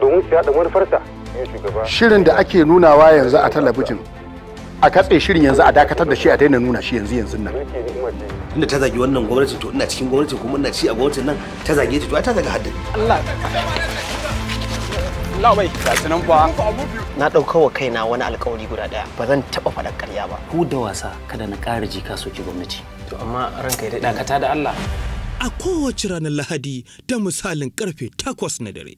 domin su yada manufarsa shirin da ake nunawa yanzu a talabijin a katse shirin yanzu a dakatar da shi a daina nuna shi yanzu yanzu nan inda ta zagi wannan gwamnati to ina cikin gwamnati kuma ina ci a gwamnatin nan ta zage ta to ai ta zaga haddin Allah Allah bai ga sunan fa na dauka wa kaina wani alƙawari guda daya ba zan taba fada ƙarya ba ku da wasa kada na ƙara ji ka soki gwamnati to amma ranka ya dakata da Allah a kowace ranar Lahadi da misalin karfe 8 na dare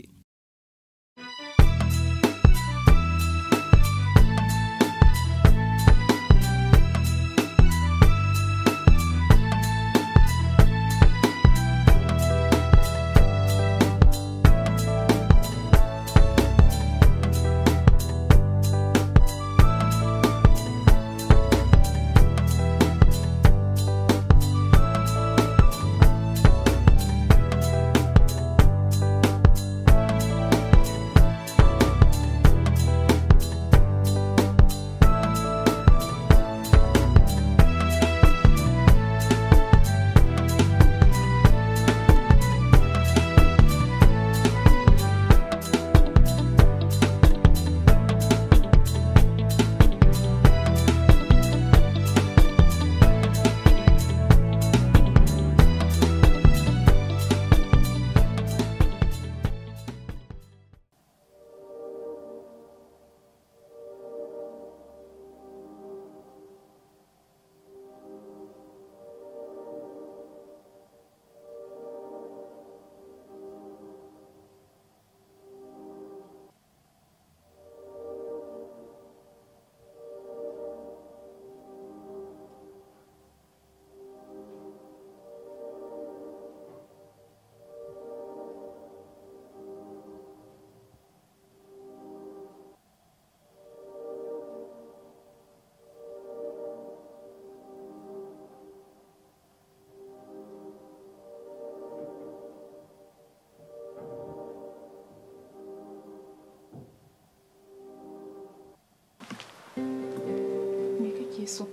kake so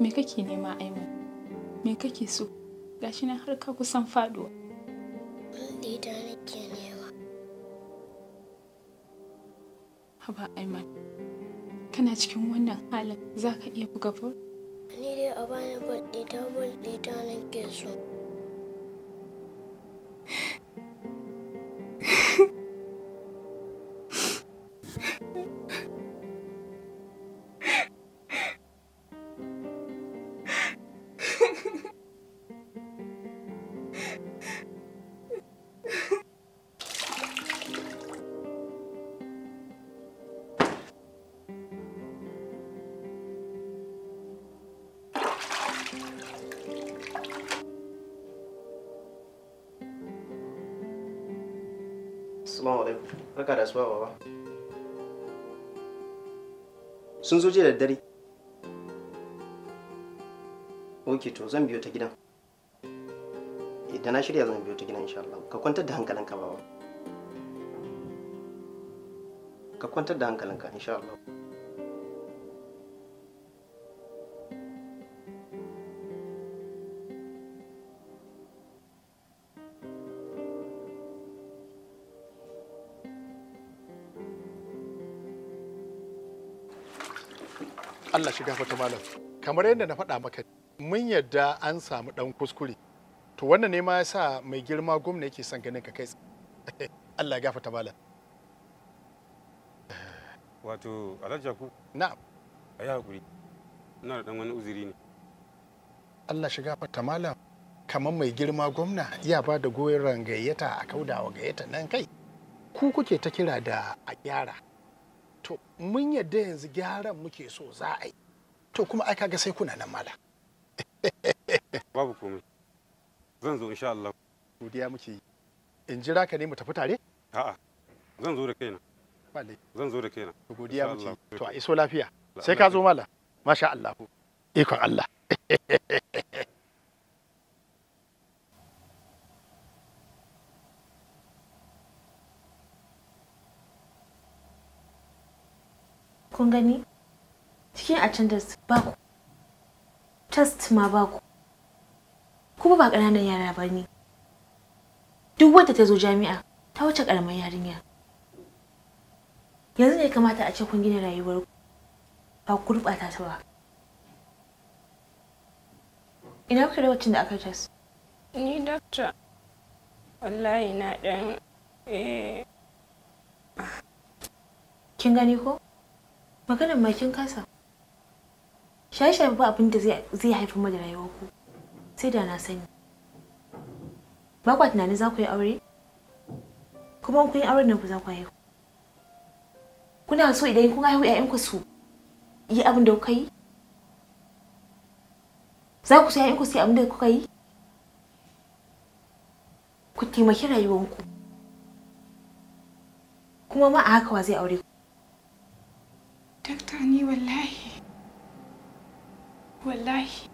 me kake nema aiman me kake so gashi nan har ka kusan faduwa Lida nake nema. Haba Aiman, kana cikin wannan halin za ka iya buga bol? Ni dai a bani ba ɗita ba ɗita nake so. Barka da suwa baba. Sun zo jiya da dare. Ok to zan biyo ta gidan. Idan na shirya zan biyo ta gidan insha Allah. Ka kwantar da hankalinka baba. Ka kwantar da hankalinka insha Allah. shiga fata malam kamar yadda na faɗa maka mun yadda an samu ɗan kuskure to wannan ne ma yasa mai girma gwamna yake son ganin ka kai Allah ya gafata malam wato alhaji ku na'am ayi hakuri ina da dan wani uzuri ne Allah shiga fata malam kamar mai girma gwamna ya ba da goyon gayyata a kaudawa gayyata nan kai ku kuke ta kira da a gyara to mun yadda yanzu gyaran muke so za a yi to kuma ai kaga sai kuna nan mala babu komai zan zo insha Allah godiya muke in jira ka ne mu tafi tare a'a zan zo da kaina bale zan zo da kaina godiya muke to a iso lafiya sai ka zo mala masha Allah ikon Allah kun gani cikin attendance ba ku test ma ba ku kuma ba ƙananan yara ba ne duk wadda ta zo jami'a ta wuce ƙaramar yarinya yanzu ne kamata a ce kun gina rayuwar ba ku rubata ta ba ina kuka lokacin da aka test ni doctor wallahi na ɗan eh. kin gani ko maganin ma kin kasa shaye-shaye ba abin da zai haifar mu da rayuwar ku sai da na sani ba kwa tunanin za ku yi aure kuma kun yi auren nan ku za ku haihu kuna so idan kun haihu ku su yi abin da kuka yi za ku sai ku sai abin da kuka yi ku taimaki ku kuma ma a haka wa zai aure ku dakta ni wallahi wallahi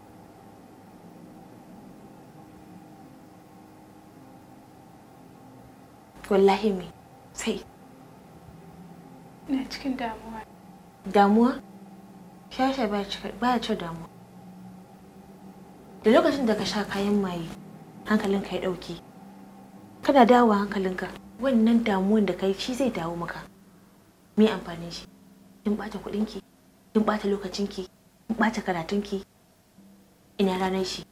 wallahi me sai ina cikin damuwa damuwa shasha ba ya cin damuwa da lokacin da ka sha kayan maye hankalinka ya ɗauki kana dawowa hankalinka wannan damuwan da kai shi zai dawo maka me amfanin shi kin ɓata kuɗinki kin ɓata lokacinki ɓata karatunki ina ranar shi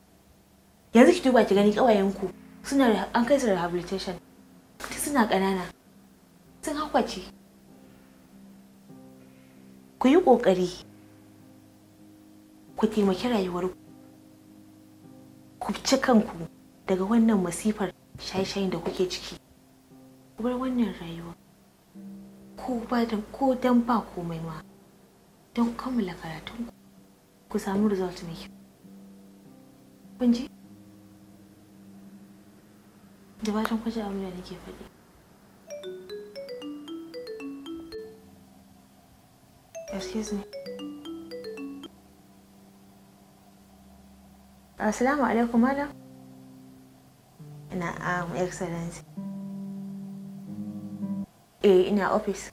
yanzu ki duba ki gani ƙawayenku suna an kai su rehabilitation ta suna ƙanana sun hakwace ku yi ƙoƙari ku taimaki rayuwarku ku ci kanku daga wannan masifar shaye-shayen da kuke ciki ku bar wannan rayuwa ko ba ko dan ba komai ma don kammala karatunku ku samu result mai kyau kun ji da fatan kwaje abin da nake faɗi Excuse me. Assalamu alaikum madam. Na'am, excellency. Eh, ina e office.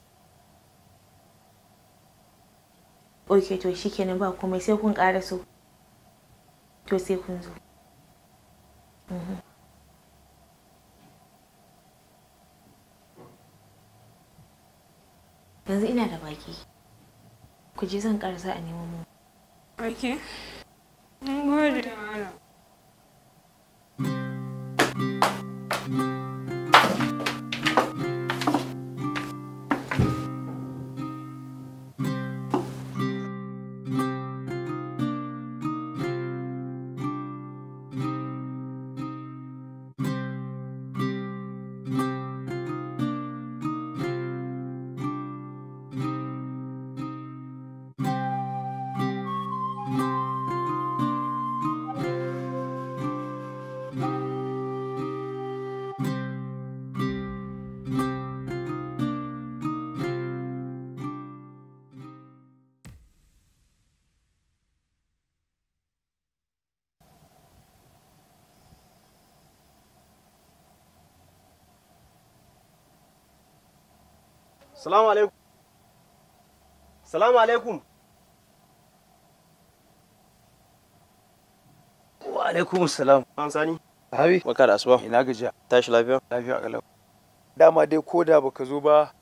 ok to shikenan ba komai sai kun kara so to sai kun zo mhm. yanzu ina da baki ku je zan ƙarasa a neman mu ok gode Salamu alaikum. Salamu alaikum. Wa alaikum salam. An sani. Habi. Baka da asuba. Ina gajiya. Tashi lafiya. Lafiya kalau. Dama dai ko da baka zo ba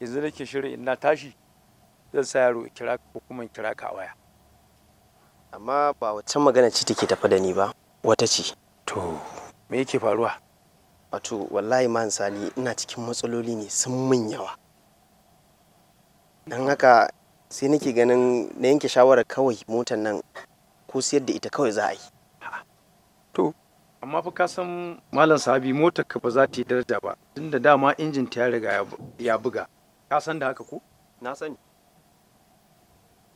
yanzu nake shirin ina tashi zan sa yaro kira ko kuma kira ka waya. Amma ba wacce magana ce take tafa da ni ba. Wata ce. To me yake faruwa? Wato wallahi man sani ina cikin matsaloli ne sun mun yawa. don haka sai nake ganin na yanke shawarar kawai motar nan ko siyar da ita kawai za a yi to amma fa ka san malam sahabi motar ka ba za ta yi daraja ba tunda dama injin ta ya riga ya buga ka san da haka ko na sani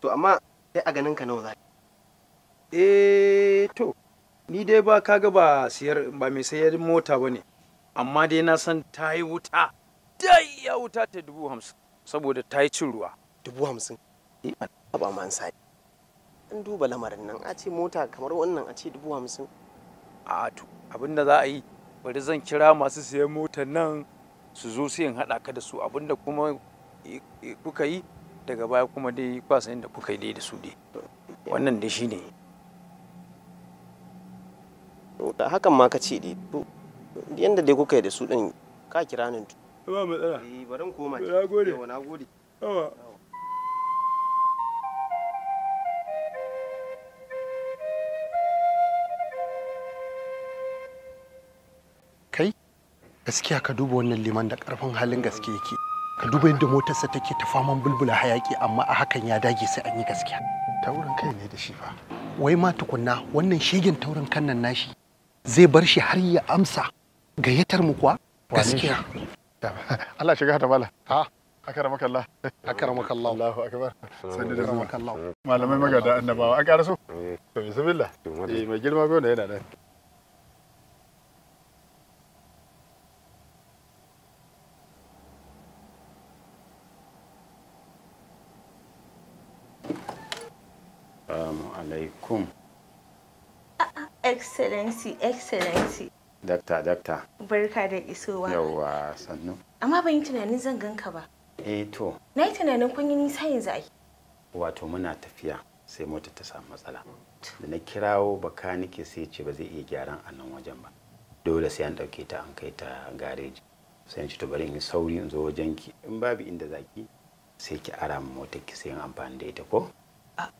to amma sai a ganin ka nawa za eh to ni dai ba kaga ba siyar ba mai sayar mota ba ne amma dai na san ta yi wuta dai ya wuta ta dubu hamsin saboda ta yi cin ruwa dubu hamsin eh, ba ma sa an duba lamarin nan a ce mota kamar wannan a ce dubu hamsin a to abin da za a yi bari zan kira masu sayan motar nan su zo su yin haɗa ka da su abin da kuma kuka yi daga baya kuma dai kwasan da kuka yi dai da su dai wannan dai ne. hakan ma ka ce dai yadda dai kuka yi da su ɗin ka kira tu. ba matsala eh bari mu koma na gode na gode yawa kai gaskiya ka duba wannan liman da karfin halin gaske yake ka duba yadda motarsa take ta faman bulbula hayaki amma a hakan ya dage sai an yi gaskiya taurin kai ne da shi fa wai ma tukunna wannan shegen taurin kan nan nashi zai bar shi har ya amsa gayyatar mu kuwa gaskiya Allah shiga ta bala ha maka Allah maka Allah Allahu akbar sanni da maka Allah malamai magada annabawa an karaso to bismillah eh mai girma bai ne yana nan Assalamu alaikum. Ah, ah, excellency, Excellency. dakta dakta barka da isowa yawwa sannu amma ban yi tunanin zan ganka ba eh to na yi tunanin kun yi nisa yanzu ai wato muna tafiya sai mota ta samu matsala da na kirawo baka nake sai ce ba zai iya gyaran a nan wajen ba dole sai an ɗauke ta an kai ta gareji sai ci to bari in sauri in zo wajen ki in babu inda zaki sai ki ara min motar ki sai amfani da ita ko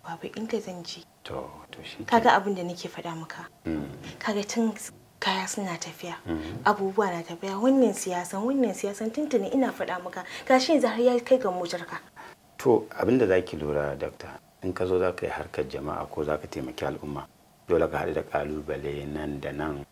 babu inda zan je to to shi kaga abin da nake faɗa maka mm. kaga tun kaya suna tafiya mm-hmm. abubuwa na tafiya wannan siyasan wannan siyasan tuntuni ina faɗa maka gashi yanzu har ya kai ga motar ka to abinda zaki lura dakta in ka zo za ka yi harkar jama'a ko za ka taimaki al'umma dole ka haɗu da ƙalubale nan da nan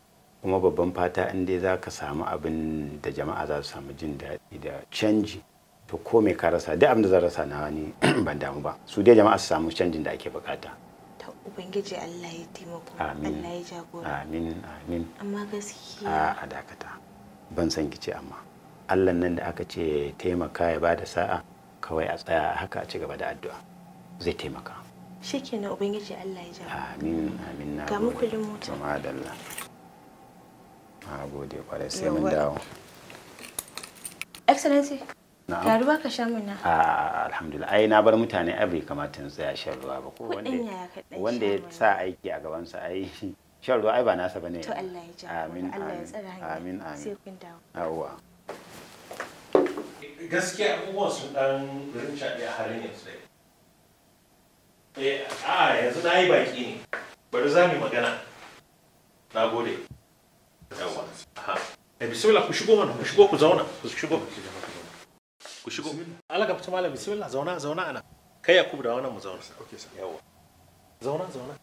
kuma babban fata in dai za ka samu abin da jama'a za su samu jin daɗi da canji to ko mai ka rasa duk abin da za rasa na wani ban damu ba su dai jama'a su samu canjin da ake bukata ubangiji Allah ya taimako Allah ya jagora amin amin amma gaskiya a dakata ban san kice amma Allah nan da aka ce taimaka ya bada sa'a kawai a tsaya haka a ci gaba da addu'a zai taimaka shikenan ubangiji Allah ya jagora amin amin na ga muku lin mota ma Allah na gode kwarai sai mun dawo excellency Ga ka sha mana. A ah, alhamdulillah ai na bar mutane ai bai kamata in tsaya shan ruwa ba ko wanda ya sa aiki a gaban sa ai shan ruwa ai ba nasa bane. To Allah ya ja. Amin amin. Amin amin. Sai kun dawo. Yawwa. Gaskiya abubuwan sun dan rincaɗe a halin yanzu dai. Eh a yanzu na yi baki ne. Bari za mu magana. Na gode. Yawwa. Eh bismillah ku shigo mana ku shigo ku zauna ku shigo. ku shigo Allah ka fita malam bismillah zauna zauna ana kai Yakubu da wannan mu zauna okay sir yawa zauna zauna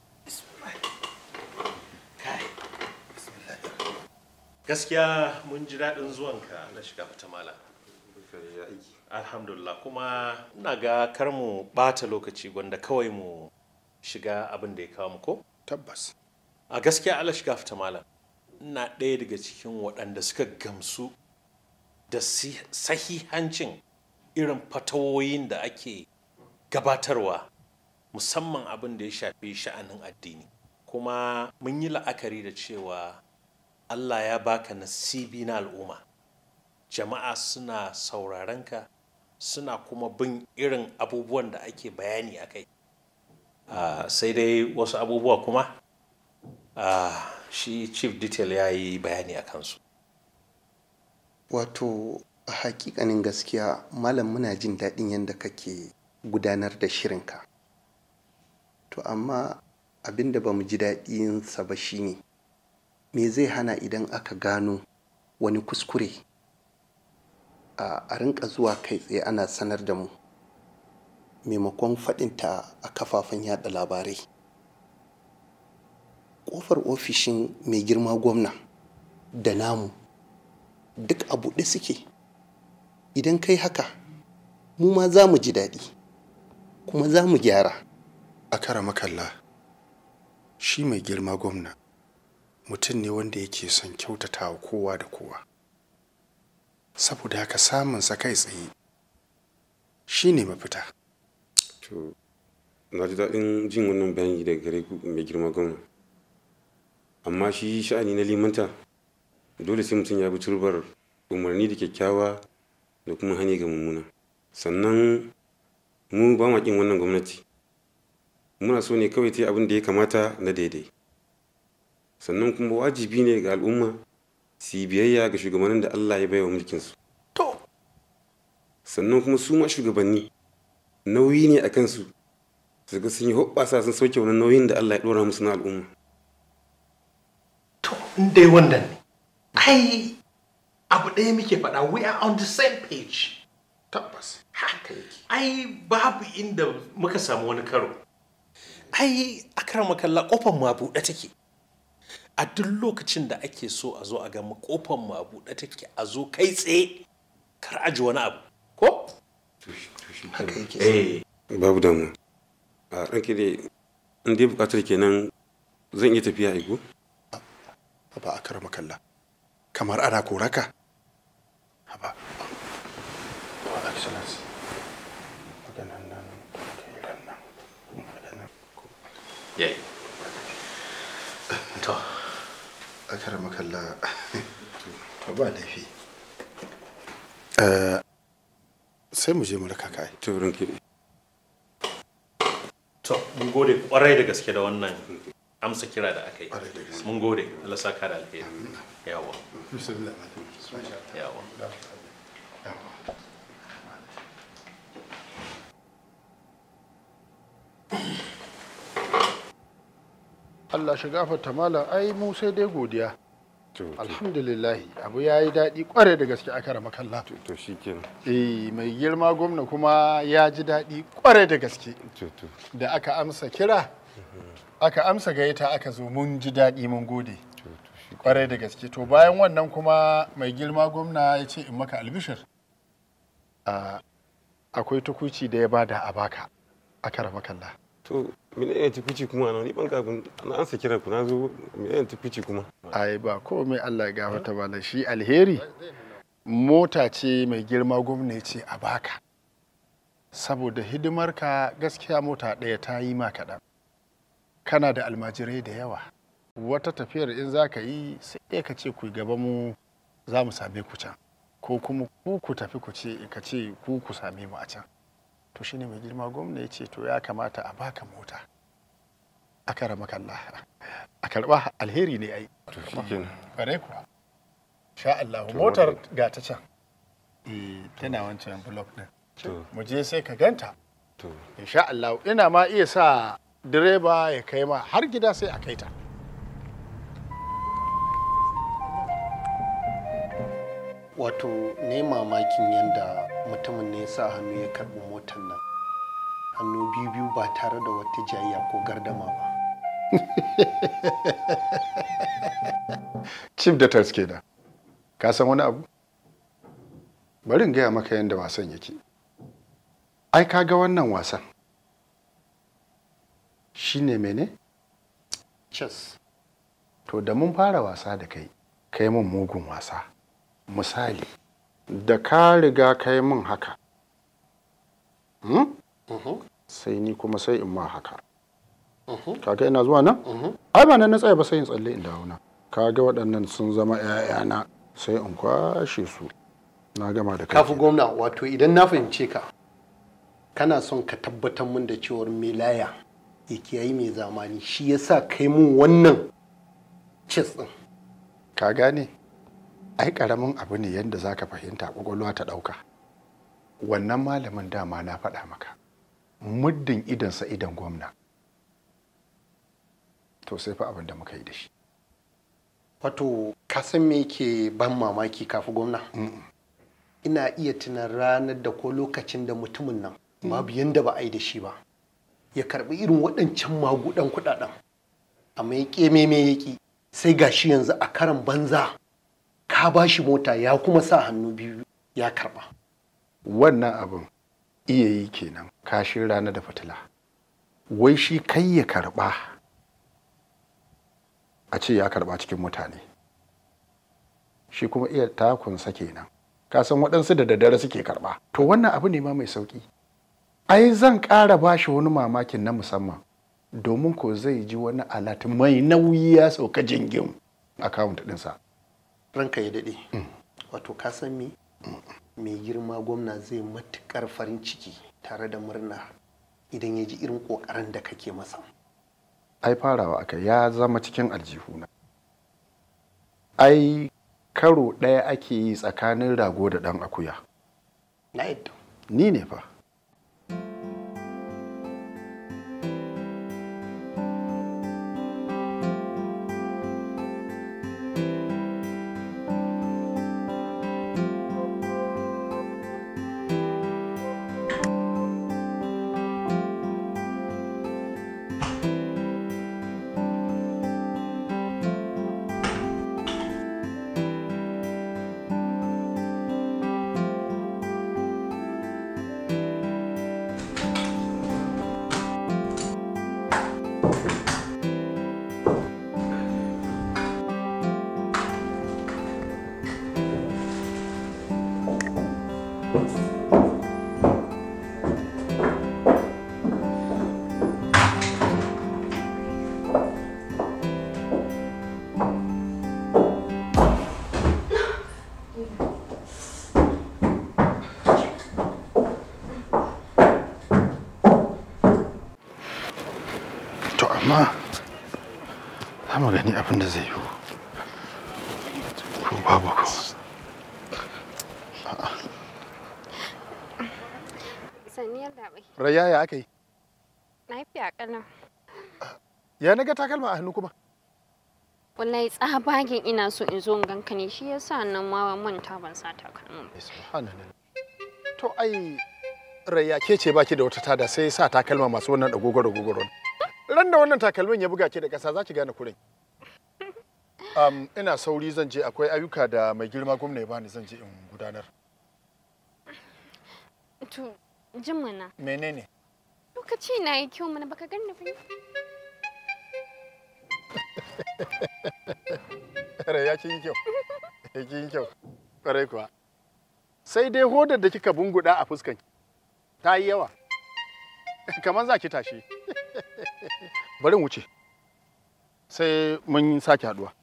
gaskiya mun ji daɗin zuwanka na shiga fita malam alhamdulillah kuma ina ga kar mu ɓata lokaci gwanda kawai mu shiga abin da ya kawo mu ko tabbas a gaskiya Allah shiga fita malam ina ɗaya daga cikin waɗanda suka gamsu da sahihancin irin fatawoyin da ake gabatarwa musamman abin da ya shafi sha'anin addini kuma mun yi la'akari da cewa allah ya baka nasibi na al'umma jama'a suna sauraron ka suna kuma bin irin abubuwan da ake bayani a kai ah, sai dai wasu abubuwa kuma ah, shi chief detail ya yi bayani a kansu wato a hakikanin gaskiya malam muna jin daɗin yadda kake gudanar da shirinka to amma abin da ba mu ji daɗinsa ba shine me zai hana idan aka gano wani kuskure a rinka zuwa kai tsaye ana sanar da mu maimakon faɗinta a kafafen yada labarai ƙofar ofishin mai girma gwamna da namu duk a buɗe suke idan kai haka mu ma za mu ji daɗi kuma za mu gyara a kara makalla shi mai girma gwamna mutum ne wanda yake son kyautata wa kowa da kowa saboda haka samunsa kai tsaye shi ne mafita na ji daɗin jin wannan bayani daga gare mai girma gwamna amma shi sha'ani na limanta dole sai mutum ya bi turbar umarni da kyakkyawa da kuma hani ga mummuna sannan mu ba ma kin wannan gwamnati muna so ne kawai ta yi abin da ya kamata na daidai sannan kuma wajibi ne ga al'umma su yi biyayya ga shugabannin da Allah ya baiwa mulkinsu to sannan kuma su ma shugabanni nauyi ne a kansu su ga sun yi hoɓɓasa sun sauke wani nauyin da Allah ya ɗora musu na al'umma to in dai wannan ne ai abu ɗaya muke faɗa we are on the same page tabbas haka yake ai babu inda muka samu wani karo ai akrama kalla kofar mu a buɗe take a duk lokacin da ake so a zo a ga kofar mu a buɗe take a zo kai tsaye kar a ji wani abu ko haka yake eh. babu damu a ranke dai in dai bukatar kenan zan iya tafiya aiko ba a akrama kalla kamar ana koraka About Your Excellency. Yayi. To. Akara makalla. To ba laifi. Eh, sai mu mu raka kai. To, mun gode kwarai da gaske da wannan amsa kira da aka yi mun gode Allah saka da alheri yawa yawa Allah shi gafarta mala ai mu sai dai godiya alhamdulillah abu ya yi daɗi kware da gaske aka rama kalla to shi eh mai girma gwamna kuma ya ji daɗi kware da gaske da aka amsa kira mhm. aka amsa gayyata aka zo mun ji daɗi mun gode kwarai da gaske to bayan wannan kuma mai girma gwamna ya ce in maka albishir akwai tukuci da ya bada a baka a kara makalla to mene ne tukuci kuma na ban kafin na ansa kiran ku na zo mene ne tukuci kuma ai ba ko mai Allah ya wata bala shi alheri mota ce mai girma gwamna ce a baka saboda hidimarka gaskiya mota ɗaya ta yi ma kaɗan kana da almajirai da yawa wata tafiyar in za ka yi sai ka ce ku gaba mu za mu same ku can ko kuma ku ku tafi ku ce ka ce ku ku same mu a can to shi ne mai girma gwamna ya ce to ya kamata a baka mota a kara makalla a karba alheri ne ai to shikenan bare ku sha Allah motar ga ta can eh tana wancan block din mu je sai ka ganta to insha Allah ina ma iya sa direba ya kai ma har gida sai a kai ta wato ne mamakin yadda mutumin ne sa hannu ya karɓi motar nan hannu biyu biyu ba tare da wata jayya ko gardama ba chief da taske da ka san wani abu bari in gaya maka yadda wasan yake ai ka ga wannan wasan Shi shine mene? Chess. To da mun fara wasa da kai, kai mun mugun wasa. Misali, da ka riga kai mun haka. Hmm? Mm-hmm. Sai ni kuma sai in ma haka. Mm-hmm. Kaga ina zuwa nan? Mm-hmm. Ai ba nan na tsaye ba sai in tsalle in dawo na. ga waɗannan sun zama 'ya'yana sai in kwashe su. Na gama da kai. Kafi gwamna wato idan na fahimce ka. kana son ka tabbatar mun da cewar milaya ya yi mai zamani shi ya sa kai mun wannan cis ɗin. ka gane ai karamin abu ne yadda za ka fahimta ƙwaƙwalwa ta ɗauka wannan malamin dama na faɗa maka muddin idonsa idan gwamna to sai fa abin da muka yi da shi wato ka san me ke ban mamaki kafi gwamna ina iya tunan ranar da ko lokacin da mutumin nan mm. babu yadda ba a yi da shi ba ya karbi irin waɗancan magudan kuɗaɗen A ya ƙeme me ya sai sai gashi yanzu a karan banza ka ba shi mota ya kuma sa hannu biyu ya karba wannan abin iya yi kenan kashin rana da fitila wai shi kai ya karba a ce ya karba cikin mutane shi kuma iya takunsa kenan ka san waɗansu da daddare suke karba to wannan abu ne ma mai sauƙi ai zan ƙara ba shi wani mamakin na musamman domin ko zai ji wani alat mai nauyi ya sauka jingin akawunt ɗinsa ranka ya daɗe mm. wato ka san me mm. mai girma gwamna zai matuƙar farin ciki tare da murna idan ya ji irin ƙoƙarin da kake masa ai farawa aka ya zama cikin aljihuna ai karo ɗaya ake yi tsakanin rago da ɗan akuya na yadda ni ne fa za mu gani abin da zai yi ko babu ko saniyar labai raya ya aka yi lafiya kana ya naga takalma a hannu kuma wallahi tsabagen ina so in zo in ganka ne shi sa nan ma manta ban sa takalmin to ai rayya ke ce baki da wata tada sai sa er takalma masu wannan dagogoro er gogoro ran da wannan takalmin ya buga ke da ƙasa za ki gane kurin um, ina sauri zan je akwai ayyuka da mai girma gwamna ya bani zan je in gudanar to jin mana menene lokaci na yi kyau mana baka ganna ba Kare ya kin kyau. Ya kin kyau. Kare kuwa. Sai dai hodar da kika bunguda a fuskan. Ta yi yawa. Kamar za ki tashi. bari wuce sai mun sake haduwa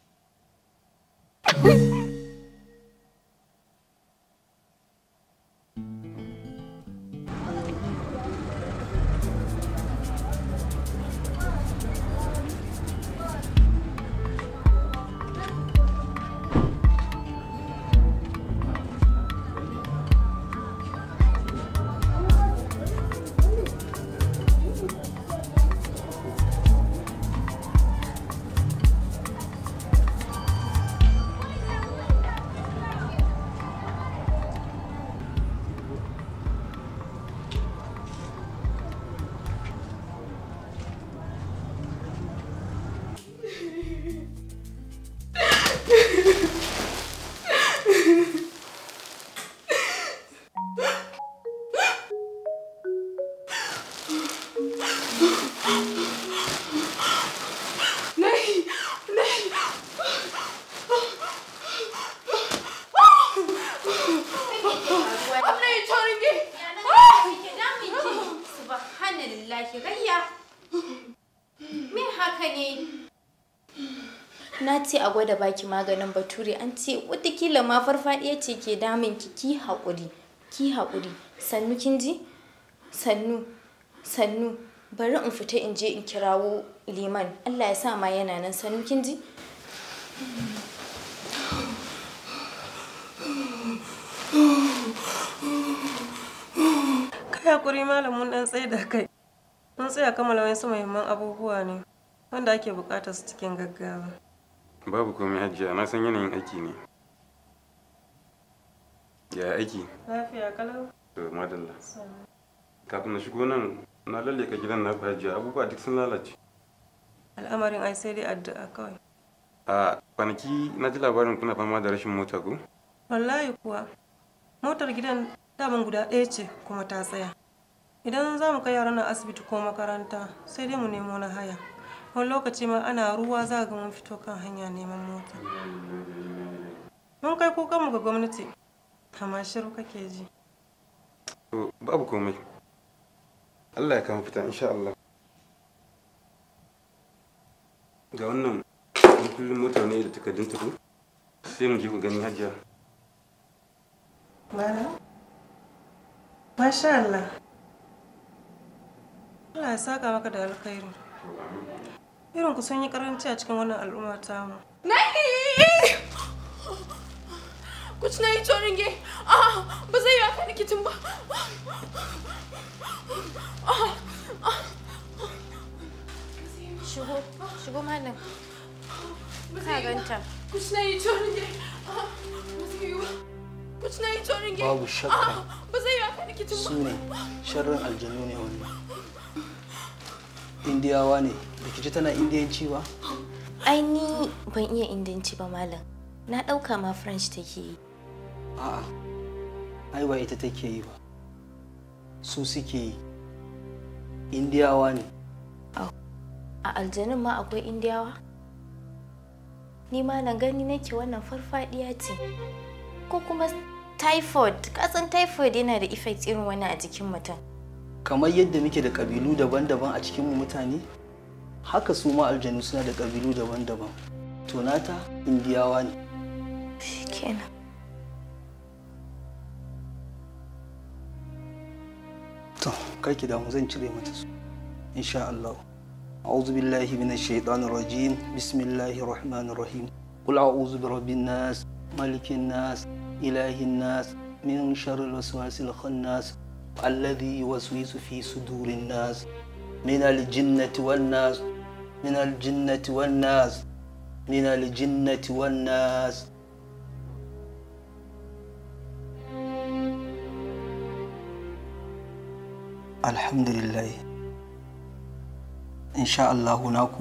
baki maganin bature an ce watakila ma farfadiya ce ke damun ki ki haƙuri ki haƙuri sannu kin ji sannu sannu bari in fita in je in kirawo liman Allah ya sa ma yana nan sannu kin ji kai hakuri malamin dan tsaye da kai mun tsaya kammala wasu muhimman abubuwa ne wanda ake bukatar su cikin gaggawa Babu komai hajiya, na san yanayin aiki ne. Ya aiki? Lafiya kalau. To madalla. Kafin na shigo nan na lalle ka gidan na hajiya abubuwa duk sun lalace. Al'amarin ai sai dai addu'a kawai. A kwanaki na ji labarin kuna fama da rashin mota ko? Wallahi kuwa. Motar gidan daman guda ɗaya ce kuma ta tsaya. Idan za mu kai yaran asibiti ko makaranta sai dai mu nemo na haya. wani lokaci ma ana ruwa za ga mun fito kan hanya neman mota mun kai mu ga gwamnati amma shiru kake ji babu komai allah ya kama fita insha allah ga wannan kullum mota ne da takardun tafi sai mu je ku gani hajiya mana Masha Allah. Allah ya saka maka da alkhairi. Irin ku sun yi karanci a cikin wannan al'umma ta mu. Nahi! Kuci na yi corin ge. Ah, ba zai yi aka likitin ba. Ah, ah, shigo, shigo malam. Ka ganta. Kuci na yi corin Ba zai yi ba. Babu shakka. Ba zai yi aka likitin ba. Su ne, sharrin aljanu ne wannan. indiyawa ne rikici tana indiyanci ba ai ni ban iya indiyanci ba malam na ɗauka ma french take yi a'a ai ba ita take yi ba su suke yi indiyawa ne a aljanin ma akwai indiyawa ni ma na gani nake wannan farfadiya ce ko kuma typhoid kasan typhoid yana da effect irin wani a jikin mutum kamar yadda muke da kabilu daban-daban a cikin mu mutane haka su ma aljanu suna da kabilu daban-daban to nata indiyawa ne kenan to kai ki da mu zan cire mata su insha Allah أعوذ بالله من الشيطان الرجيم بسم الله الرحمن الرحيم قل أعوذ برب الناس ملك الناس إله الناس من شر الوسواس الخناس الذي يوسوس في صدور الناس من الجنة والناس من الجنة والناس من الجنة والناس الحمد لله إن شاء الله هناك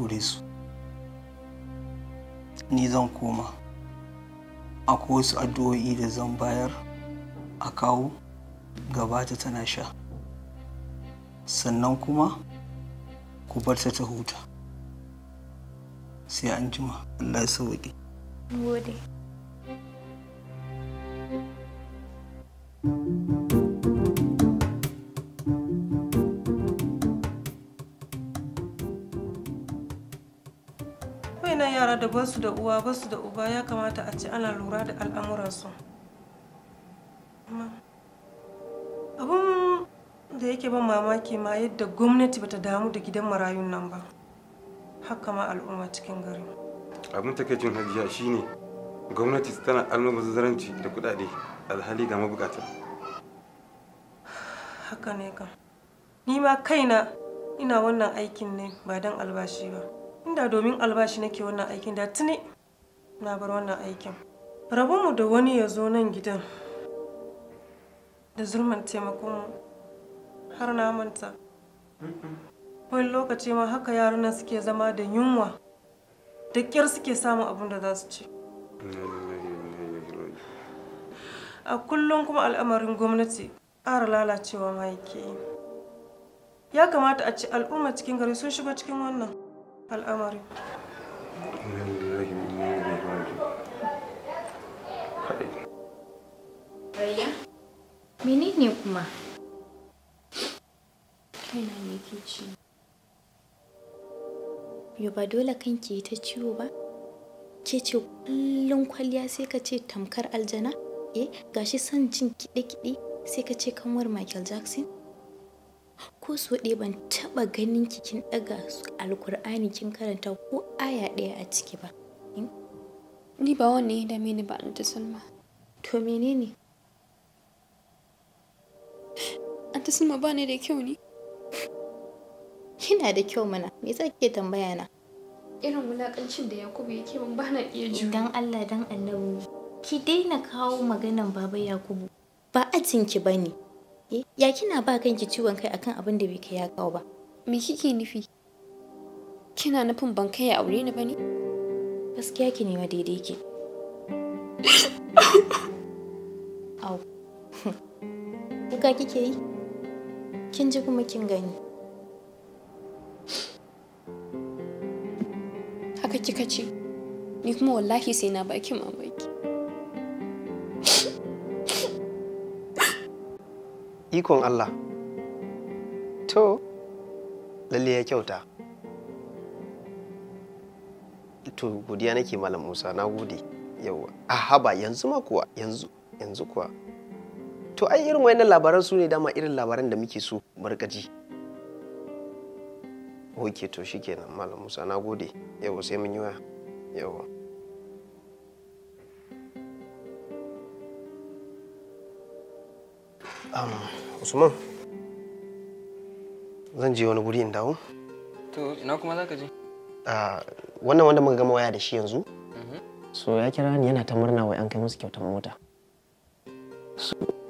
ni zan koma akwai wasu addu'o'i da zan gabata tana sha sannan kuma ku bar ta huta sai an jima Allah ya sauke gode yara da basu da uwa basu da uba ya kamata a ce ana lura da al'amuransu. su yake ban mamaki ma yadda gwamnati bata damu da gidan marayun nan ba haka ma al'umma cikin gari abin takaicin hajiya shine gwamnati tana zaranci da kudade alhali ga mabukata haka ne kam ni ma kaina ina wannan aikin ne ba dan albashi ba inda domin albashi nake wannan aikin da tuni na bar wannan aikin rabonmu da wani ya zo nan gidan da zulman taimakon har na manta. Wani lokaci ma haka yaran suke zama da yunwa. Da ƙyar suke samun abin da za su ci. A kullum kuma al'amarin gwamnati ƙara lalacewa ma yake yi. Ya kamata a ci al'umma cikin gari sun shigo cikin wannan al'amari. Menene kuma? kaina ne ke yo ba dole kanki ta ciwo ba ke ce kullum kwalliya sai ka ce tamkar aljana eh gashi son jin kiɗe-kiɗe sai ka ce kanwar michael jackson ko so ɗaya ban taɓa ganin kin ɗaga alkur'ani kin karanta ko aya ɗaya a ciki ba hmm? ni ba wani da dame ni ba anta salma to menene anta salma ba ne da kyau ne Kina da kyau mana, me yasa kike tambaya na? Irin wulakancin da Yakubu yake min ba iya ji. Dan Allah dan Annabi, ki daina kawo maganan Baba Yakubu. Ba ajin ki bane. Eh, ya kina ba kanki ciwon kai akan abin da bai kai ya kawo ba. Me kike nufi? Kina nufin ban kai aure ni bane? Gaskiya ki nema daidai ke. Au. Kuka kike yi? Kin ji kuma kin gani. haka kika ce ni kuma wallahi sai na baki mamaki ikon Allah to lalle ya kyauta to godiya nake malam Musa na gode yawa a haba yanzu ma kuwa yanzu yanzu kuwa to ai irin wayannan labaran su ne dama irin labaran da muke so mu ji ok to shikenan malam musa na gode yau sai mun yi waya yau um, usman zan je wani guri in dawo to ina kuma za ka je wannan wanda muka gama waya da shi yanzu mhm. so ya kira ni yana ta murna wa 'yan kai musu kyautar mota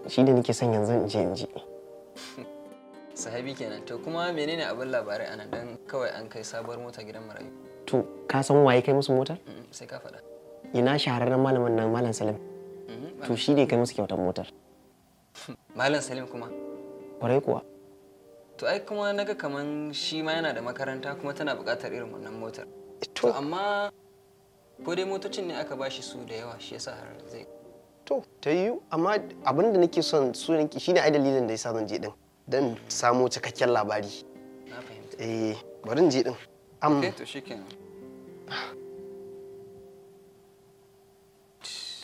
shi da nake son yanzu in je in je sahabi kenan to kuma menene abin labarai anan dan kawai an kai sabuwar mota gidan marayu to ka san waye kai musu motar sai ka faɗa ina shahararren malamin nan malam salim mm-hmm, to shi ne kai musu kyautar motar malam salim kuma kwarai kuwa to ai kuma naga kaman shi ma yana da makaranta kuma tana buƙatar irin wannan motar to amma ko dai motocin ne aka bashi su da yawa shi yasa har zai to ta yiwu amma abin da nake son su ne ne ai dalilin da yasa zan je din don samu cikakken labari. Na fahimta. Eh, bari ji din. Am. Eh, to shikenan.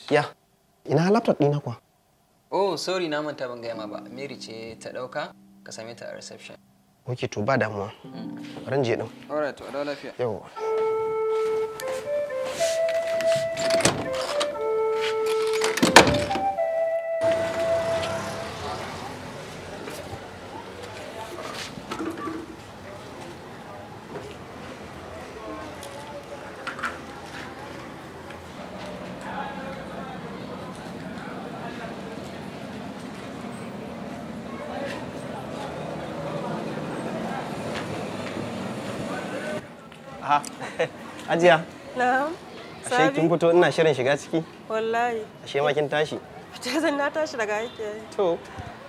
Ya, ina laptop ɗina kuwa? Oh, sorry na manta ban gaya ma ba. Mary ce ta dauka ka same ta a reception. Ok, to ba damuwa. Hmm. Bari je din. Alright, to da lafiya. Yawwa. Ajiya. Na'am. Ashe kin fito ina shirin shiga ciki? Wallahi. Ashe ma kin tashi? Fita zan na tashi daga aiki. To,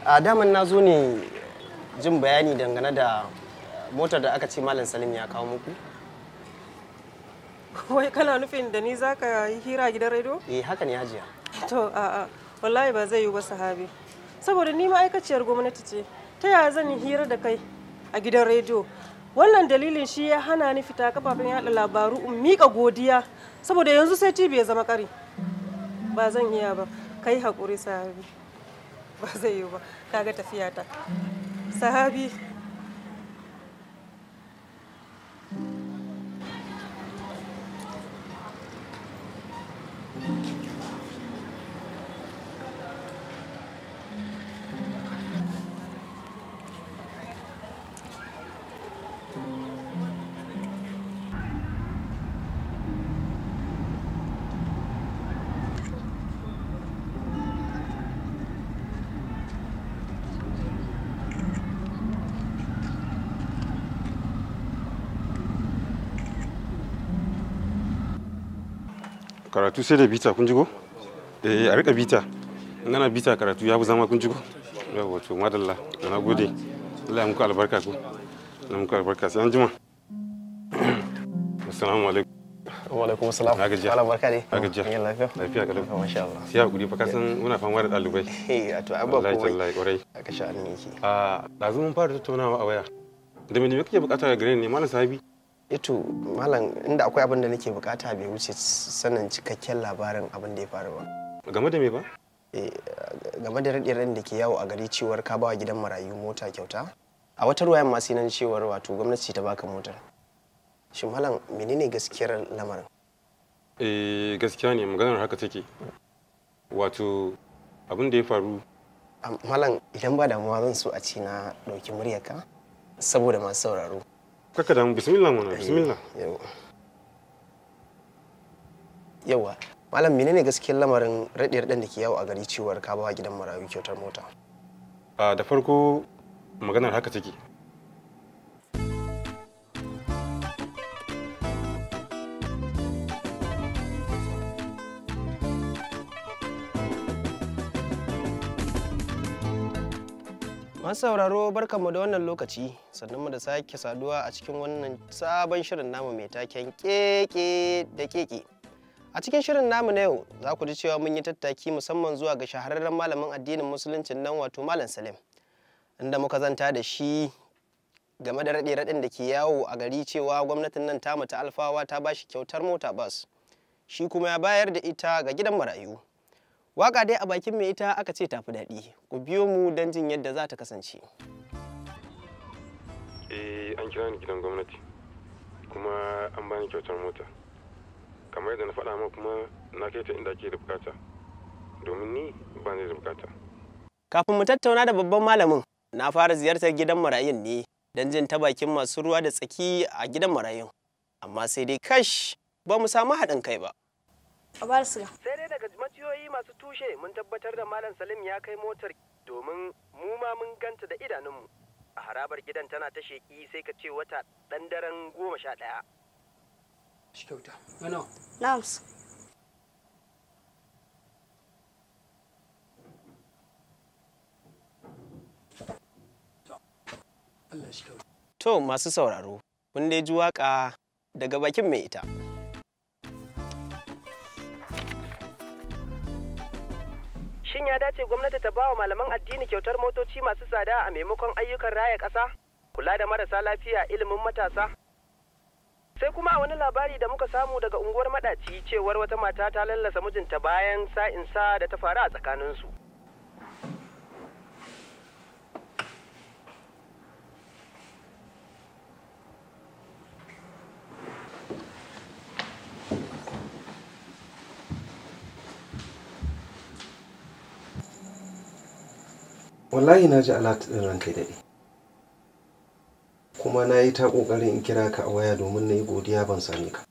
a daman na zo ne jin bayani dangane da motar da aka ce Malam Salim ya kawo muku. Wai kana nufin da ni zaka yi hira gidan rediyo? Eh, haka ne ajiya. To, a'a, wallahi ba zai yi ba sahabi. Saboda ni ma'aikaciyar gwamnati ce, ta yaya zan yi hira da kai a gidan rediyo? wannan dalilin shi ya hana ni fita kafafen yada labaru in miƙa godiya saboda yanzu sai TV ya zama ƙari ba zan iya ba kai haƙuri sahabi ba zai yi ba kaga tafiyata sahabi thank you karatu sai da bita kun jigo eh a rika bita in ana bita karatu ya fi zama kun jigo yawa to madalla na gode Allah ya muku albarka ku na muku albarka sai an jima assalamu alaikum wa alaikum assalam haka jiya Allah barka dai haka jiya ya lafiya lafiya kalau oh, masha Allah sai hakuri fa kasan muna fama da dalibai eh to abba ko wallahi kwarai haka sha'ani yake a ah, dazu mun fara tattaunawa a waya da me ne kake bukata ga gare ne malam sahabi ito eh malam inda akwai abin da nake bukata bai wuce sanin cikakken labarin abin da ya faru ba game da me ba eh, game da raɗe da ke yawo a gari cewar ka bawa gidan marayu mota kyauta a wata yamma sai nan cewar wato gwamnati ta baka motar shi malam menene gaskiyar lamarin eh gaskiya ne maganar haka take wato abin da ya faru malam idan ba damuwa zan so a ci na dauki muryarka saboda masu sauraro kaka da bismillah mana bismillah yawa malam menene gaskiyar lamarin radiyar ɗan da ke yawo a gari cewar ka bawa gidan marayu kyautar mota a ah, da farko maganar haka take Masu sauraro barkanmu da wannan lokaci sannan mu da sake saduwa a cikin wannan sabon shirin namu mai taken keke da keke. A cikin shirin namu na yau za ku ji cewa mun yi tattaki musamman zuwa ga shahararren malamin addinin musuluncin nan wato Malam Salim. Inda muka zanta da shi game da raɗe-raɗin da ke yawo a gari cewa gwamnatin nan ta mata alfawa ta bashi kyautar mota bas. Shi kuma ya bayar da ita ga gidan marayu. Waka dai a bakin mai ita aka ce tafi daɗi, ku biyo mu don jin yadda za ta kasance. Eh, an kira ni gidan gwamnati, kuma an bani kyautar mota. Kamar yadda na faɗa ma kuma na kai ta inda ake da bukata, domin ni ba ni da bukata. Kafin mu tattauna da babban malamin, na fara ziyartar gidan marayun ne don jin ta bakin masu ruwa da tsaki a gidan marayun. Amma sai dai kash ba mu samu haɗin kai ba. A bar su. Sai masu tushe mun tabbatar da malam salim ya kai motar domin mu ma mun ganta da idanunmu a harabar gidan tana ta sheki sai ka ce wata ɗan daren goma sha ɗaya. Shi To masu sauraro, kun dai ji waka daga bakin mai ita. shin ya dace gwamnati ta bawa malaman addini kyautar motoci masu tsada a maimakon ayyukan raya ƙasa kula da marasa lafiya ilimin matasa sai kuma a wani labari da muka samu daga unguwar madaci cewar wata mata ta lallasa mijinta bayan sa'insa da ta faru a tsakaninsu wallahi na ji alat ɗin ranka daɗi kuma na yi ta ƙoƙarin in kira ka a waya domin na yi godiya ban same ka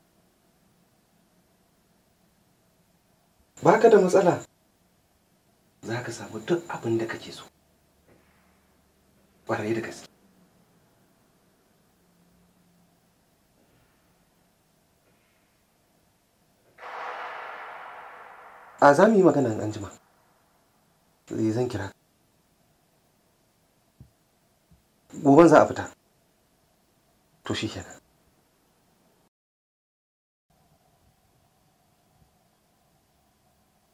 baka da matsala za ka samu duk abin da kake so ƙwarai da gaske a za mu yi magana an jima eh, zan kira goben za a fita to shi kenan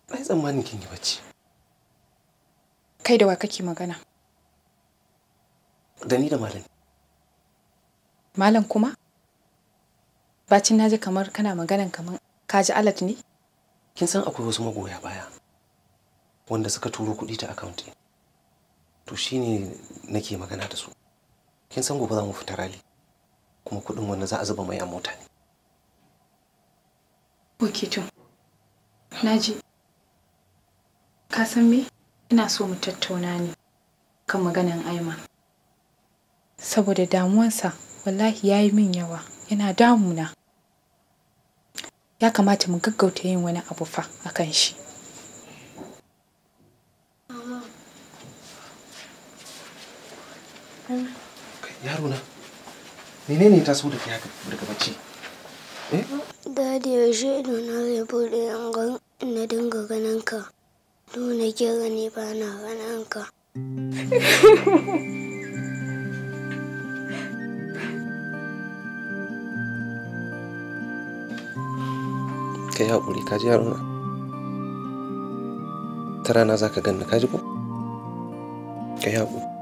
na yi tsammanin kin yi bacci kai da wa kake magana da ni da malam. malam kuma bacin na ji kamar kana maganan kamar ka ji alat ne kin san akwai wasu magoya baya wanda suka turo kuɗi ta akaunt to shine nake magana da su kin san gobe za mu fita rali kuma kuɗin wanda za a zuba mai a mota ne ok to naji ka san me ina so mu tattauna ne kan maganan aiman saboda damuwansa wallahi ya yi min yawa yana damuna ya kamata mu gaggauta yin wani abu fa kan shi yaro na menene taso da ke haka daga bacci eh? da da yaushe ido na zai bude an na dinga ganin ka nuna ke gani ba na ganin ka ka yi haƙuri ka ji yarona ta rana za ka ganna ka ji ko ka yi haƙuri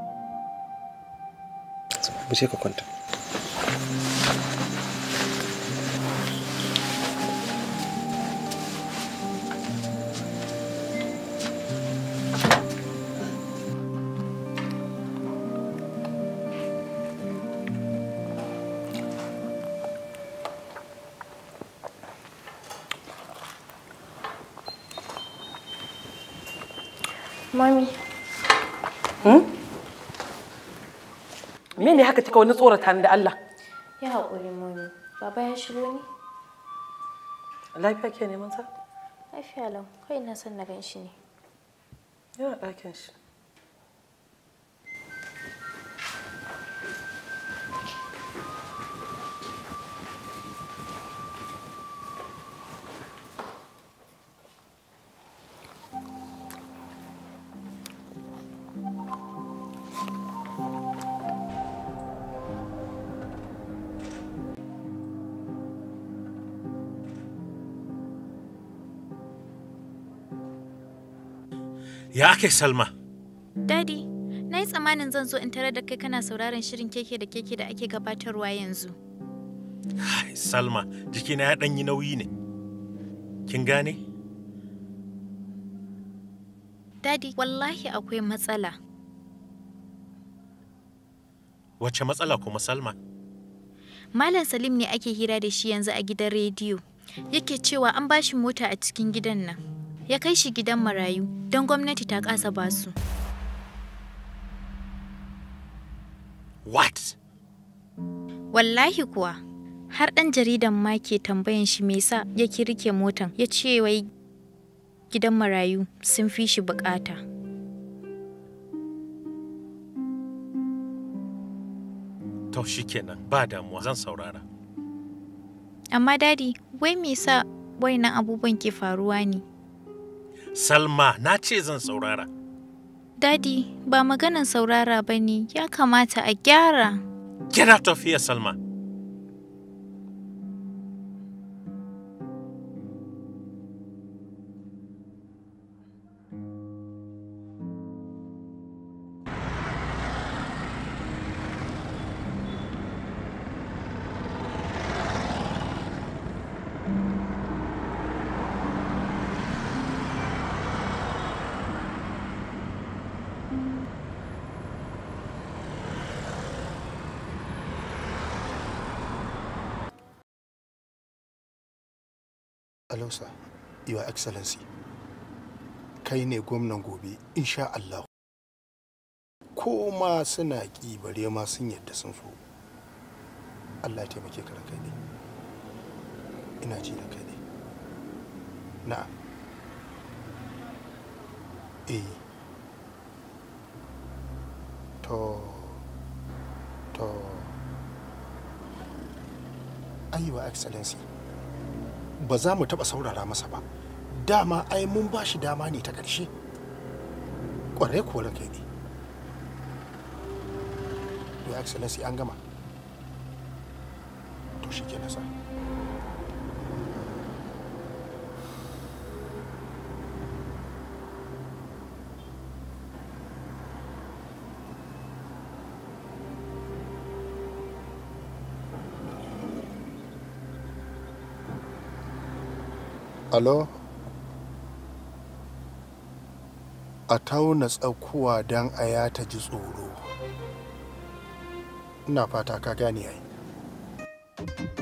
mu je ka kwanta me ne haka kika wani tsorata ni da Allah ya haƙuri muni, baba ya shigo ni lafiya ke neman sa lafiya lau kai na san na gan shi ne yana ɗakin shi Ya ake Salma? Daddy, na yi tsammanin zan zo in tare da kai kana sauraron shirin keke da keke da ake gabatarwa yanzu. Salma, jikina ya ɗan yi nauyi ne. Kin gane? Daddy, wallahi akwai matsala. Wace matsala kuma Salma? Malam Salim ne ake hira da shi yanzu a gidan rediyo. Yake cewa an bashi mota a cikin gidan nan. ya kai shi gidan marayu don gwamnati ta kasa basu. What? Wallahi kuwa, har ɗan jaridan ma ke tambayan shi me sa ya kirke motan ya ce wai gidan marayu sun fi shi bukata. To kenan ba damuwa zan saurara. Amma dadi, wai me sa wainan abubuwan ke faruwa ne? Salma na ce zan saurara. Dadi, ba maganan saurara ba ne, ya kamata a gyara. Get out of here, Salma. hausa your excellency kai ne gwamnan gobe insha Allah ko ma suna ƙi bare ma sun yadda sun so Allah taimake ka kai ne ina ji da kai ne na eh to to ayiwa excellency ba za mu taɓa saurara masa ba dama ai mun ba shi dama ne ta ƙarshe ƙwarai kuwa kai ne your excellency an gama to shi ke nasa Alo? a tauna tsakuwa don a ya ta ji tsoro ina fata ka gane you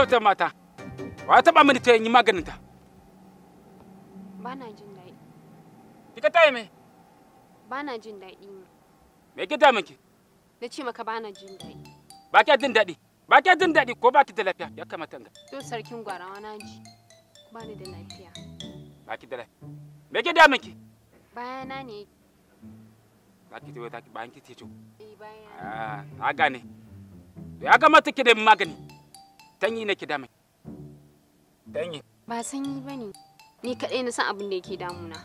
wata mata wa taɓa mini ta yi maganin ta bana jin daɗi kika ta yi me ba jin daɗi ne me ke damun miki na ce maka bana jin daɗi ba kya jin daɗi ba kya jin daɗi ko ba ki da lafiya ya kamata ga to sarkin gwarawa na ji ba ni da lafiya ba ki da lafiya me ke damun ki bayana ne ba ki tawo ta ki bayan ki teto eh bayana ah, a gane to ya kamata ki da magani Tanyi ki damun. Tanyi. Ba sanyi bane. Ni kadai na san abin da yake damuna.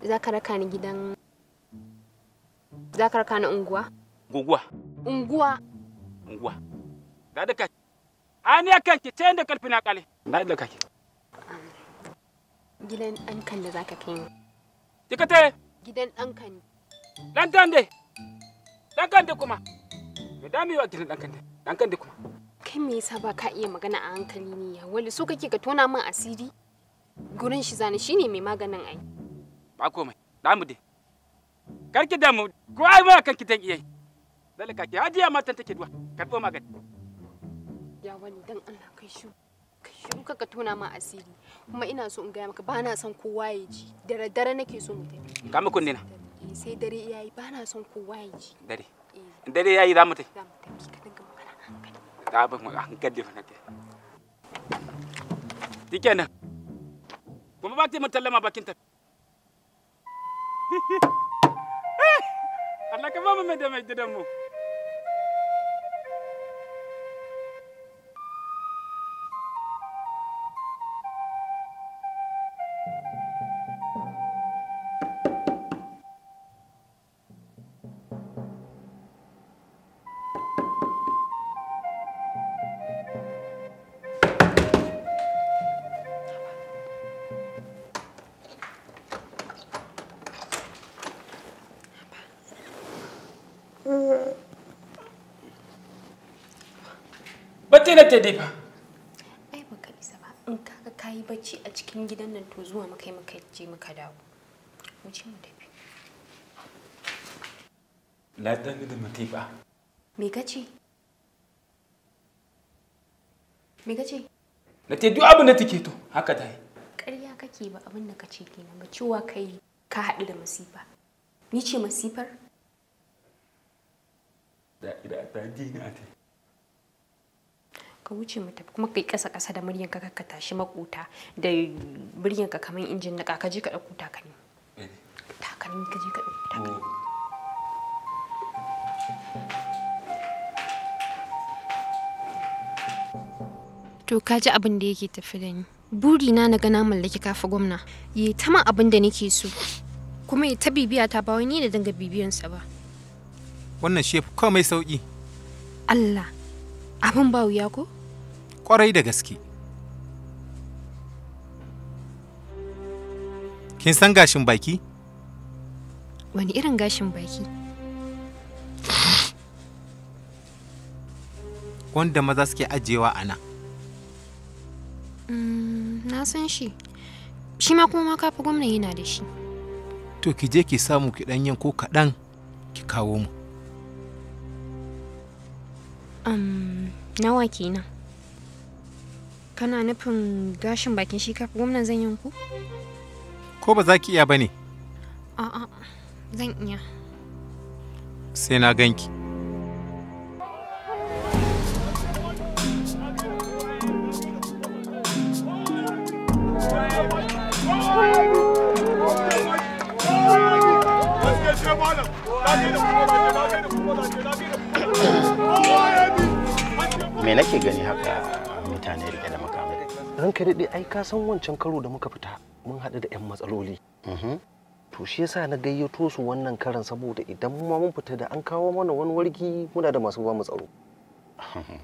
Za ka raka ni gidan Za ka raka ni unguwa? Guguwa. Unguwa. Unguwa. Ga da a Ani akan ki tayin da karfi na kale. Na da kake. Gidan ɗankan da za ka kai ni. Dikate. Gidan ɗankan. Ɗankan dai. Ɗankan dai kuma. Me dame wa gidan dankan dai? Dankan dai kuma. Kai me yasa ba ka iya magana a hankali ne ya? Wali so kake ka tona min asiri? Gurin shi zani shine mai maganin ai. Ba komai. Damu dai. Karki damu. Ko ai ma kanki tan iyai. dalle kake hajiya matan take duwa. Karbo magani. Ya wani dan Allah kai shi. Kai shi ka tona min asiri. Kuma ina so in gaya maka ba na son kowa ya ji. Dare dare nake so mu tafi. Ka mu kunne na. Sai dare eh, iyayi ba na son kowa ya ji. Dare. dare yayi za mu tai da abin mu hankali fa nake na kuma ba ta mu tallama bakin ta Allah ka ba mu mai da mai gidan mu ta dai fa ai ka isa ba in kaga kayi bacci a cikin gidan nan to zuwa makai yi muka je muka dawo Wuce mu tafi la dan da mutai ba. me kace me kace na ta duk abin da take to haka ta yi ƙarya kake ba abin da kace kenan ba cewa kai ka haɗu da masifa ni ce masifar da ira ta dina ta ka wuce mata kuma kai kasa kasa da muryanka ka ka tashi makuta da muryanka kamar injin na ka je ka dauko takalmi eh. takalmi ka je ka dauko takalmi oh. to ka ji abin da yake tafi da ni buri na gana mallaki kafa gwamna yi ta ma abin da nake so kuma ya ta bibiya ta ba ni da danga bibiyansa ba wannan kawai mai sauki Allah abin ba wuya ko kwarai da gaske kin san gashin baki wani irin gashin baki wanda maza suke ajiyewa a nan mm, na san shi shi ma kuma fi gwamna yana da shi to ki je ki samu ki ɗanyen ko kaɗan ki kawo mu um, nawa kenan kana nufin gashin bakin shi kafa gwamnan zan yanku ko ba za ki iya ba ne a'a zan iya sai na ganki Me nake gani haka ranka daɗe ai ka san wancan karo da muka fita mun haɗu da 'yan matsaloli mm-hmm. to shi yasa na gayyato su wannan karan saboda idan ma mun fita da an kawo mana wani wargi muna da masu ba mu tsaro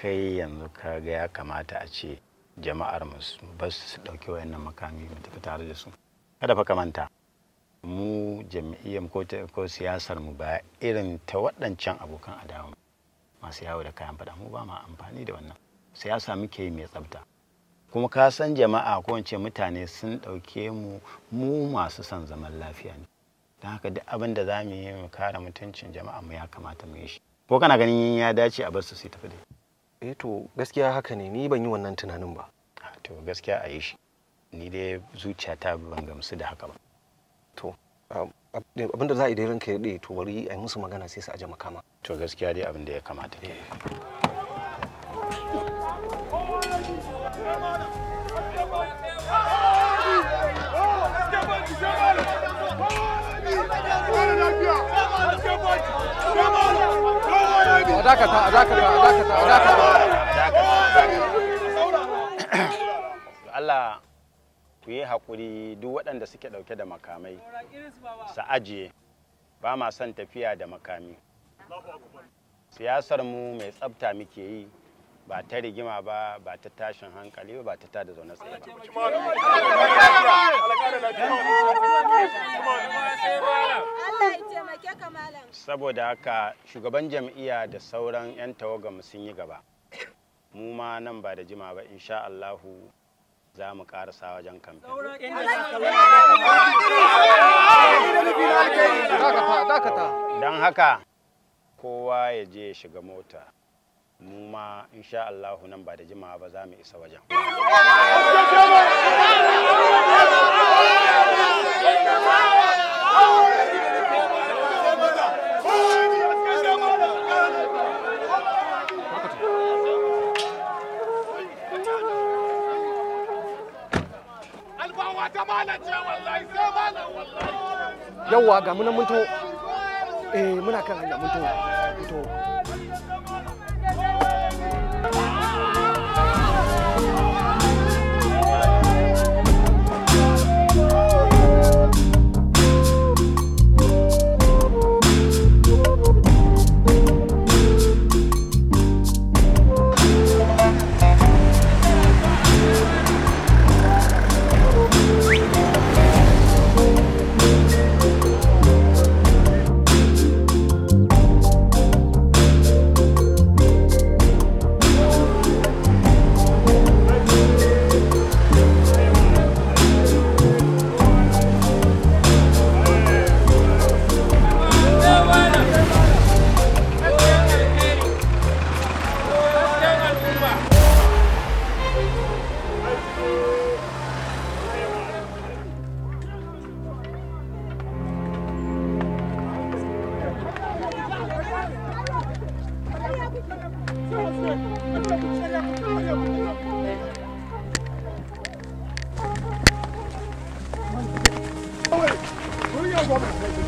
kai yanzu ka ga ya kamata a ce jama'ar mu ba su ɗauki wayannan makami mu tafi tare da su kada fa ka manta mu jam'iyyar ko siyasar mu ba irin ta waɗancan abokan adawa masu yawo da kayan fada mu ba ma amfani da wannan siyasa muke yi mai tsafta kuma ka san jama'a ko ce mutane sun ɗauke mu mu masu son zaman lafiya ne don haka duk abin da za mu yi mu kare mutuncin jama'a mu ya kamata mu yi shi ko kana ganin ya dace a bar su su tafi da eh to gaskiya haka ne ni ban yi wannan tunanin ba to gaskiya a yi shi ni dai zuciyata ban gamsu da haka ba to eh, abin da za a yi da ranka ya to bari a yi musu magana sai su aje makama to gaskiya dai abin da ya kamata ke dakata a dakata a dakata a dakata Allah ku yi haƙuri duk waɗanda suke ɗauke da makamai su ajiye ba ma son tafiya da makami siyasar mu mai tsafta muke yi ba ta rigima ba ba ta tashin hankali ba ta tada zaune tsaye ba saboda haka shugaban jam'iyya da sauran 'yan mu sun yi gaba mu ma nan ba da jima ba insha Allahu za mu karasa wajen kamfe don haka kowa ya je shiga mota mu ma insha Allah nan ba da jima'a ba za mu isa wajen Yawwa ga munan mun eh muna kan hanya mun to Давай,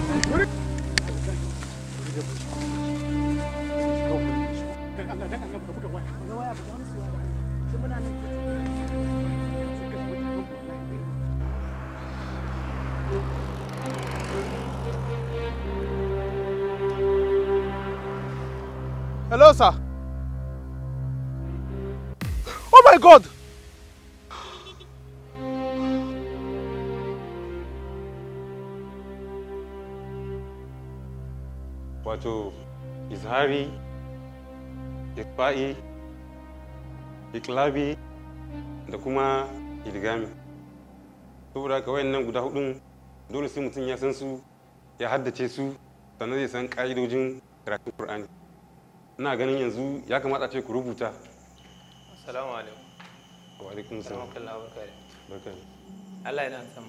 wato izhari ikfa'i iklabi da kuma Iligami saboda haka nan guda hudun dole sai mutum ya san su ya haddace su sannan zai san ka'idojin karatun qur'ani ina ganin yanzu ya kamata ce ku rubuta Allah ya san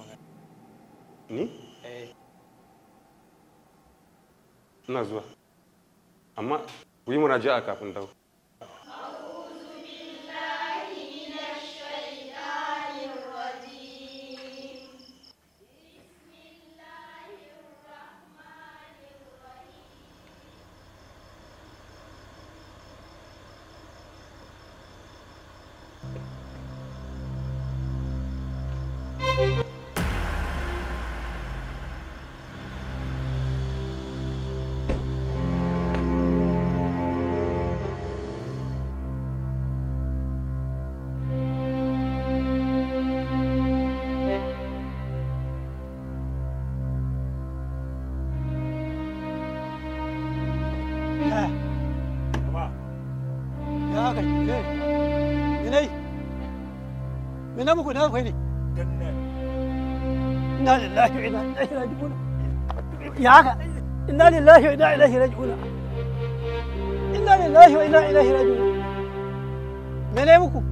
ni eh ina zuwa amma ku yi a kafin dawo هذا ويني؟ إنا لله وإنا إليه راجعون يا أخي إنا لله وإنا إليه راجعون إنا لله وإنا إليه راجعون من